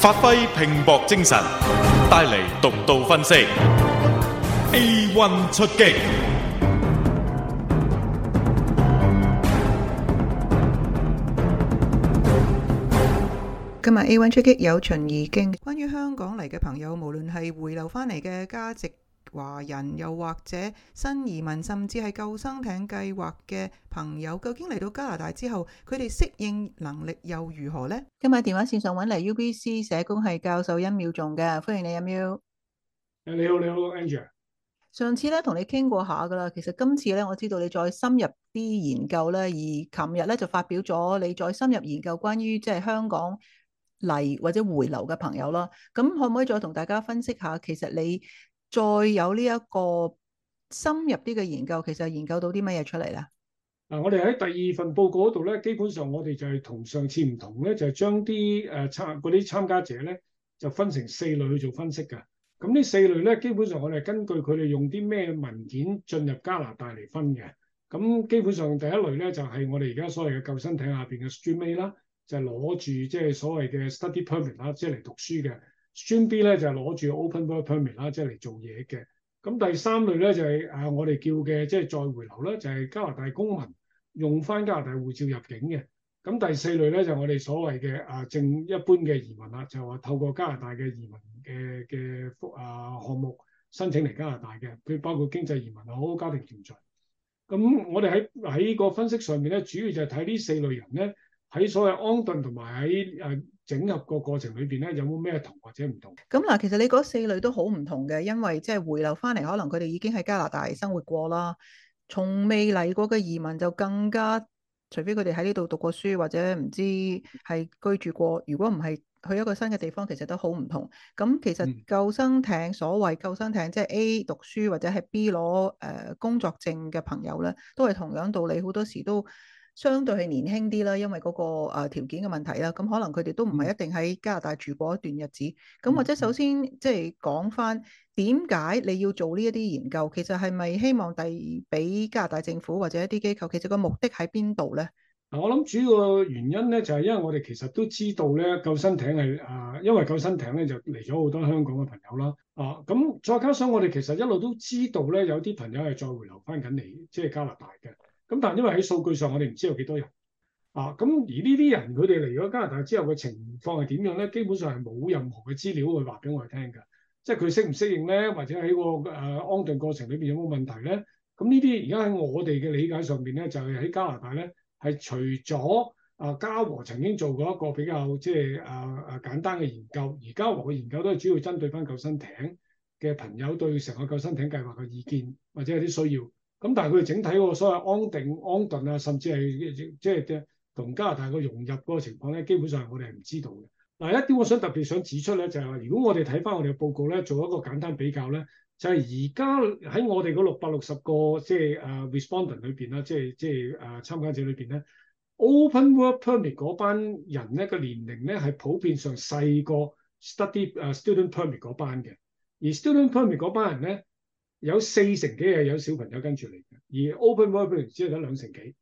發揮拼搏精神，帶嚟獨到分析。A one 出擊，今日 A one 出擊有循易經。關於香港嚟嘅朋友，無論係回流翻嚟嘅價值。華人又或者新移民，甚至係救生艇計劃嘅朋友，究竟嚟到加拿大之後，佢哋適應能力又如何呢？今日電話線上揾嚟，UBC 社工係教授殷妙仲嘅，歡迎你，阿妙。誒，你好，你好，Angel。上次咧同你傾過下噶啦，其實今次咧我知道你再深入啲研究咧，而琴日咧就發表咗你再深入研究關於即係香港嚟或者回流嘅朋友啦。咁可唔可以再同大家分析下，其實你？再有呢一個深入啲嘅研究，其實研究到啲乜嘢出嚟咧？嗱，我哋喺第二份報告嗰度咧，基本上我哋就係同上次唔同咧，就係將啲誒參嗰啲參加者咧，就分成四類去做分析嘅。咁呢四類咧，基本上我哋根據佢哋用啲咩文件進入加拿大嚟分嘅。咁基本上第一類咧，就係、是、我哋而家所謂嘅救生艇下邊嘅 stream 啦，就攞住即係所謂嘅 study permit 啦，即係嚟讀書嘅。專啲咧就係攞住 open work permit 啦，即係嚟做嘢嘅。咁第三類咧就係、是、啊，我哋叫嘅即係再回流啦，就係、是、加拿大公民用翻加拿大護照入境嘅。咁第四類咧就是、我哋所謂嘅啊正一般嘅移民啦，就話、是、透過加拿大嘅移民嘅嘅啊項目申請嚟加拿大嘅，佢包括經濟移民好、啊、家庭團聚。咁我哋喺喺個分析上面咧，主要就睇呢四類人咧，喺所謂安頓同埋喺誒整合個過程裏邊咧，有冇咩同或者唔同？咁嗱，其實你嗰四類都好唔同嘅，因為即係回流翻嚟，可能佢哋已經喺加拿大生活過啦。從未嚟過嘅移民就更加，除非佢哋喺呢度讀過書或者唔知係居住過。如果唔係去一個新嘅地方，其實都好唔同。咁其實救生艇所謂救生艇，即係 A 讀書或者係 B 攞誒工作證嘅朋友咧，都係同樣道理，好多時都，相對係年輕啲啦，因為嗰個誒條件嘅問題啦，咁可能佢哋都唔係一定喺加拿大住過一段日子，咁或者首先即係講翻點解你要做呢一啲研究，其實係咪希望遞俾加拿大政府或者一啲機構，其實個目的喺邊度咧？我諗主要原因咧，就係因為我哋其實都知道咧，救生艇係誒，因為救生艇咧就嚟咗好多香港嘅朋友啦。啊，咁再加上我哋其實一路都知道咧，有啲朋友係再回流翻緊嚟，即係加拿大嘅。咁但係因為喺數據上我哋唔知有幾多人啊。咁而呢啲人佢哋嚟咗加拿大之後嘅情況係點樣咧？基本上係冇任何嘅資料去話俾我哋聽㗎。即係佢適唔適應咧，或者喺個誒安頓過程裏面有冇問題咧？咁呢啲而家喺我哋嘅理解上邊咧，就係喺加拿大咧係除咗啊加和曾經做過一個比較即係啊啊簡單嘅研究，而加和嘅研究都係主要針對翻救生艇嘅朋友對成個救生艇計劃嘅意見或者有啲需要。咁但係佢哋整體個所謂安定、安頓啊，甚至係即係同加拿大個融入嗰個情況咧，基本上我哋係唔知道嘅。嗱，一啲我想特別想指出咧，就係、話、如果我哋睇翻我哋嘅報告咧，做一個簡單比較咧，就係而家喺我哋嗰六百六十個即係誒 respondent 裏邊啦，即係、啊、即係誒、啊、參加者裏邊咧，open work permit 嗰班人咧個年齡咧係普遍上細過 study 誒、啊、student permit 嗰班嘅，而 student permit 嗰班人咧。有四成幾係有小朋友跟住嚟嘅，而 open world 嗰啲只有得兩成幾。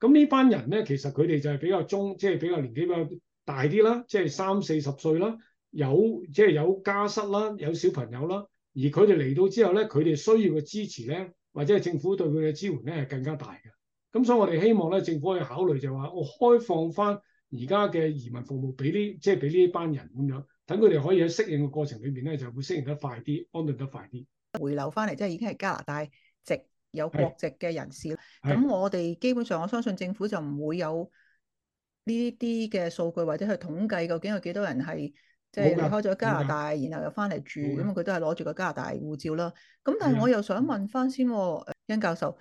咁呢班人咧，其實佢哋就係比較中，即係比較年紀比較大啲啦，即係三四十歲啦，有即係有家室啦，有小朋友啦。而佢哋嚟到之後咧，佢哋需要嘅支持咧，或者係政府對佢嘅支援咧係更加大嘅。咁所以，我哋希望咧，政府去考慮就話，我開放翻而家嘅移民服務俾呢，即係俾呢班人咁樣，等佢哋可以喺適應嘅過程裏邊咧，就會適應得快啲，安頓得快啲。回流翻嚟，即係已經係加拿大籍有國籍嘅人士啦。咁的我哋基本上我相信政府就唔會有呢啲嘅數據或者去統計究竟有幾多人係即係離開咗加拿大，的然後又翻嚟住，咁佢的都係攞住個加拿大護照啦。咁的但係我又想問翻先喎，殷教授，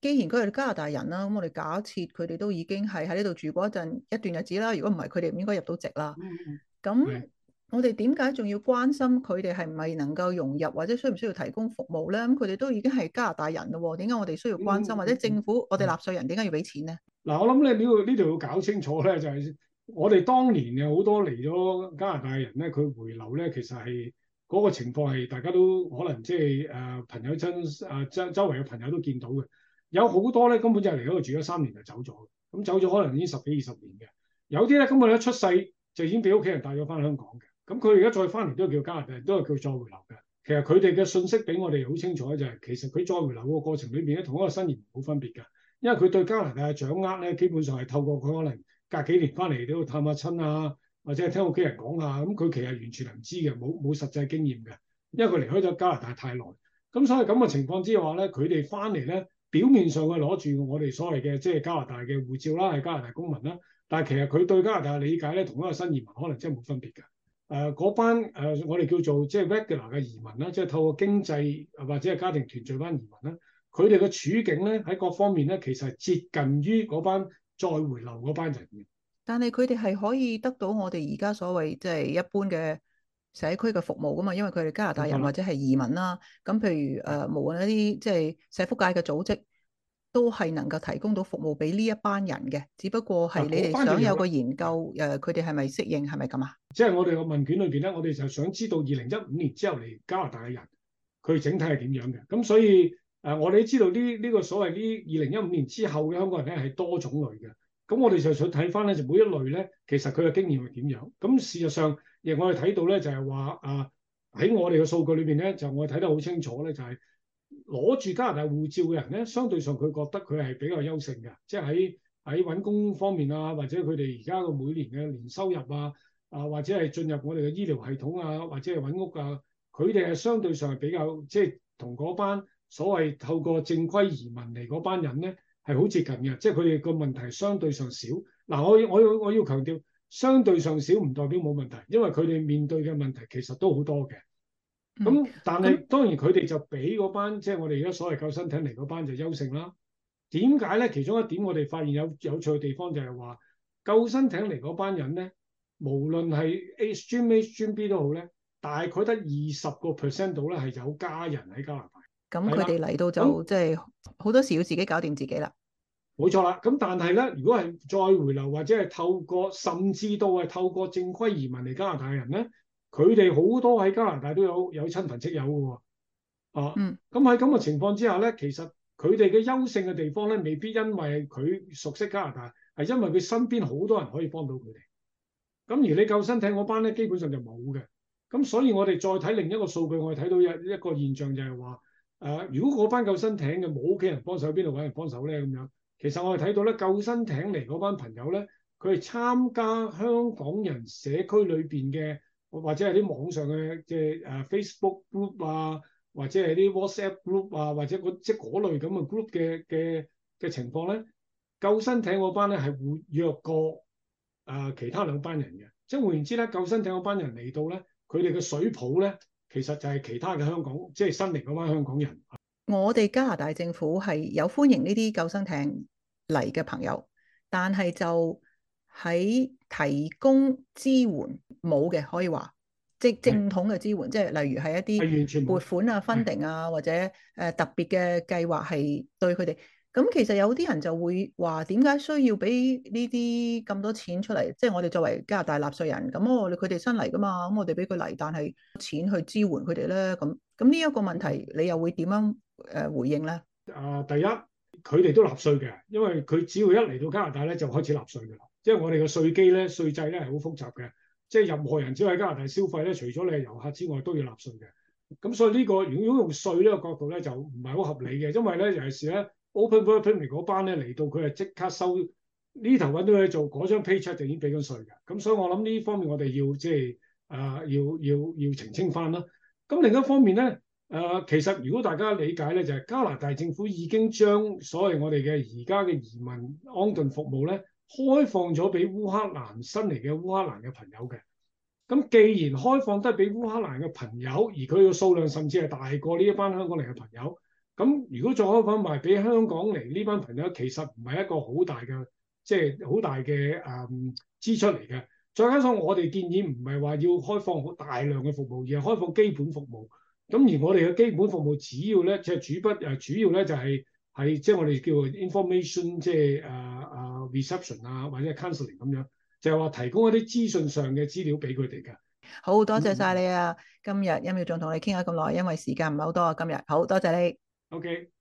既然佢哋加拿大人啦，咁我哋假設佢哋都已經係喺呢度住過一陣一段日子啦，如果唔係，佢哋應該入到籍啦。咁的那我哋點解仲要關心佢哋係唔係能夠融入，或者需唔需要提供服務咧？咁佢哋都已經係加拿大人咯。點解我哋需要關心，或者政府我哋納稅人點解要俾錢咧？嗱，我諗咧、嗯、呢個呢度要搞清楚咧，就係、是、我哋當年有好多嚟咗加拿大人咧，佢回流咧，其實係嗰、那個情況係大家都可能即係誒朋友親啊，周周圍嘅朋友都見到嘅。有好多咧根本就嚟嗰度住咗三年就走咗，咁走咗可能已經十幾二十年嘅。有啲咧咁佢一出世就已經俾屋企人帶咗返香港嘅。咁佢而家再翻嚟都係叫加拿大，都係叫再回流嘅。其實佢哋嘅信息俾我哋好清楚，就係、是、其實佢再回流個過程裏邊咧，同一個新移民冇分別嘅。因為佢對加拿大嘅掌握咧，基本上係透過佢可能隔幾年翻嚟都探下親啊，或者聽屋企人講下，咁、嗯、佢其實完全係唔知嘅，冇冇實際經驗嘅，因為佢離開咗加拿大太耐。咁所以咁嘅情況之下咧，佢哋翻嚟咧，表面上係攞住我哋所謂嘅即係加拿大嘅護照啦，係加拿大公民啦。但係其實佢對加拿大嘅理解咧，同一個新移民可能真係冇分別嘅。.誒、呃、班誒、呃、我哋叫做即係 regular 嘅移民啦，即、就、係、是、透過經濟或者係家庭團聚班移民啦，佢哋嘅處境咧，喺各方面咧，其實係接近於嗰班再回流嗰班人嘅。但係佢哋係可以得到我哋而家所謂即係一般嘅社區嘅服務噶嘛，因為佢哋加拿大人或者係移民啦，咁的譬如誒無論一啲即係社福界嘅組織。都係能夠提供到服務俾呢一班人嘅，只不過係你哋想有個研究，誒佢哋係咪適應係咪咁啊？即係我哋個問卷裏邊咧，我哋就想知道二零一五年之後嚟加拿大嘅人，佢整體係點樣嘅？咁所以誒，我哋都知道呢呢個所謂呢二零一五年之後嘅香港人咧係多種類嘅。咁我哋就想睇翻咧，就每一類咧，其實佢嘅經驗係點樣？咁事實上，亦我哋睇到咧，就係話啊，喺我哋嘅數據裏邊咧，就我睇得好清楚咧、就係，就係。攞住加拿大護照嘅人咧，相對上佢覺得佢係比較優勝嘅，即係喺喺揾工方面啊，或者佢哋而家嘅每年嘅年收入啊，啊或者係進入我哋嘅醫療系統啊，或者係揾屋啊，佢哋係相對上係比較即係同嗰班所謂透過正規移民嚟嗰班人咧係好接近嘅，即係佢哋個問題相對上少。嗱，啊，我我我要強調，相對上少唔代表冇問題，因為佢哋面對嘅問題其實都好多嘅。咁，但係當然佢哋就俾嗰班即係、就是、我哋而家所謂救生艇嚟嗰班就優勝啦。點解咧？其中一點我哋發現有有趣嘅地方就係話，救生艇嚟嗰班人咧，無論係 A Stream、A Stream、B Stream 都好咧，大概得二十個 percent 度咧係有家人喺加拿大。咁佢哋嚟到就即係好多時要自己搞掂自己啦。冇錯啦。咁但係咧，如果係再回流或者係透過甚至到係透過正規移民嚟加拿大嘅人咧，佢哋好多喺加拿大都有有親朋戚友嘅喎、啊，啊，咁喺咁嘅情況之下呢，其實佢哋嘅優勝嘅地方呢，未必因為佢熟悉加拿大，係因為佢身邊好多人可以幫到佢哋。咁而你救生艇嗰班呢，基本上就冇嘅。咁所以我哋再睇另一個數據，我哋睇到有一個現象就係話，誒、啊，如果嗰班救生艇嘅冇屋企人幫手，邊度搵人幫手呢？咁樣其實我哋睇到呢，救生艇嚟嗰班朋友呢，佢係參加香港人社區裏邊嘅。或者係啲網上嘅即係誒 Facebook group 啊，或者係啲 WhatsApp group 啊，或者嗰即係嗰類咁嘅 group 嘅嘅嘅情況咧，救生艇嗰班咧係活躍過誒其他兩班人嘅，即係換言之咧，救生艇嗰班人嚟到咧，佢哋嘅水泡咧，其實就係其他嘅香港，即係新嚟嗰班香港人。我哋加拿大政府係有歡迎呢啲救生艇嚟嘅朋友，但係就喺提供支援冇嘅，可以話即係正統嘅支援，即係、嗯、例如係一啲撥款啊、分定啊，或者誒、嗯、特別嘅計劃，係對佢哋。咁其實有啲人就會話：「點解需要俾呢啲咁多錢出嚟？即係我哋作為加拿大納稅人，咁哦佢哋新嚟噶嘛，咁我哋俾佢嚟，但係錢去支援佢哋咧。」咁咁呢一個問題，你又會點樣誒回應咧？啊，第一佢哋都納稅嘅，因為佢只要一嚟到加拿大咧，就開始納稅嘅啦。因係我哋嘅稅基咧，稅制咧係好複雜嘅。即係任何人只要喺加拿大消費咧，除咗你係遊客之外，都要納稅嘅。咁所以呢、這個如果用稅呢個角度咧，就唔係好合理嘅。因為咧有時咧，Open b o r Premier 嗰班咧嚟到佢係即刻收呢頭揾到佢做嗰張 p a y c h e c k 就已經俾咗稅㗎。咁所以我諗呢方面我哋要即係啊、呃，要要要澄清翻啦。咁另一方面咧，誒、呃、其實如果大家理解咧，就係、是、加拿大政府已經將所謂我哋嘅而家嘅移民安頓服務咧。開放咗俾烏克蘭新嚟嘅烏克蘭嘅朋友嘅，咁既然開放得俾烏克蘭嘅朋友，而佢嘅數量甚至係大過呢一班香港嚟嘅朋友，咁如果再開放埋俾香港嚟呢班朋友，其實唔係一個好大嘅，即係好大嘅誒、嗯、支出嚟嘅。再加上我哋建議唔係話要開放好大量嘅服務，而係開放基本服務。咁而我哋嘅基本服務主要呢、就係主，啊、主要咧、就係，即係主筆誒主要咧就係係即係我哋叫 information，即係誒 reception 啊，或者係 counseling 咁樣，就係、是、話提供一啲資訊上嘅資料俾佢哋㗎。好多謝晒你啊，嗯、今日因為仲同你傾下咁耐，因為時間唔係好多啊。今日。好多謝你。OK。